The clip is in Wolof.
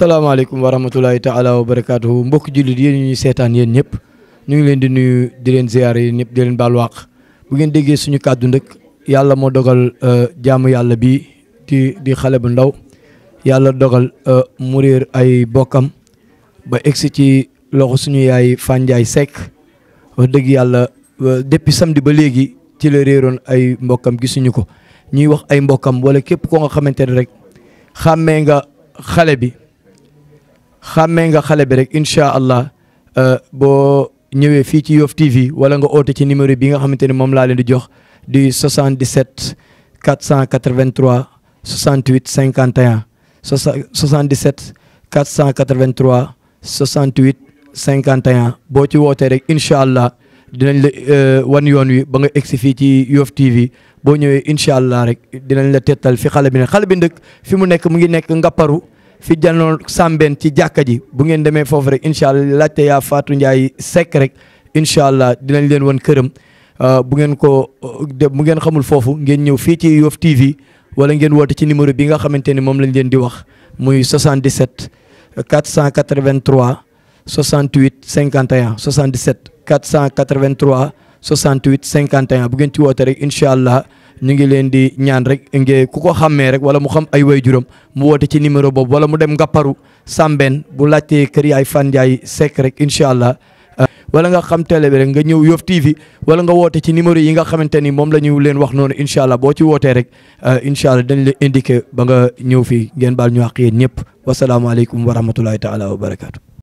salaamaaleykum wa rahmatulahi taala wa barakaatuhu mbokk jullit yéen ñu ñuy seetaan yéen ñëpp ñu ngi leen di nuyu di leen ziyaar yéen ñëpp di leen baal wàq bu ngeen déggee suñu kàddu ndëkk yàlla moo dogal euh, jaamu yàlla bi di xale bu ndaw yàlla dogal euh, mu réer ay bokkam ba egsi ci loxo suñu yaay Fandiaye Seck wax dëgg yàlla euh, depuis samedi ba léegi ci la réeroon ay mbokkam gisuñu ko ñuy wax ay mbokkam wala képp koo nga xamante ne rek xàmmee nga xale bi xàmmee nga xale bi rek incha allah euh, boo ñëwee fii ci Yoff TV wala nga oote ci numéro bi nga xamante ne moom laa leen di jox di 77 483 68 51 77 483 cinquante 51 boo ci wootee rek incha allah dinañ la euh, wan yoon wi ba nga egsi fii ci Yoff boo ñëwee incha allah rek dinañ la tetal fi xale bi ne xale bi ndëkk fi mu nekk mu ngi nekk Ngaparou fi janoo sambeen ci jàkka ji bu ngeen demee foofu rek incha allah laajte yaa faatu Ndiaye Seck rek incha allah dinañ leen wan këram euh, bu ngeen ko bu ngeen xamul foofu ngeen ñëw fii ci Yoff TV wala ngeen woote ci numéro bi nga xamante ni moom lañ leen di wax muy 77 483 68 51 77 483 68 51 bu ngeen ci woote rek incha allah. ñu ngi leen di ñaan rek nge ku ko xàmmee rek wala mu xam ay waajuram mu woote ci numéro boobu wala mu dem nga ngapparu Sambène bu laajtee kër yaay Fan Ndiaye Seck rek incha allah. wala nga xam télé bi rek nga ñëw Yoff TV wala nga woote ci numéro yi nga xamante ni moom la ñu leen wax noonu incha allah boo ci wootee rek euh, incha allah dañ la indiqué ba nga ñëw fii ngeen baal ñu àq yéen ñëpp wasalaamaaleykum wa rahmatulahi taala wa barakaatu.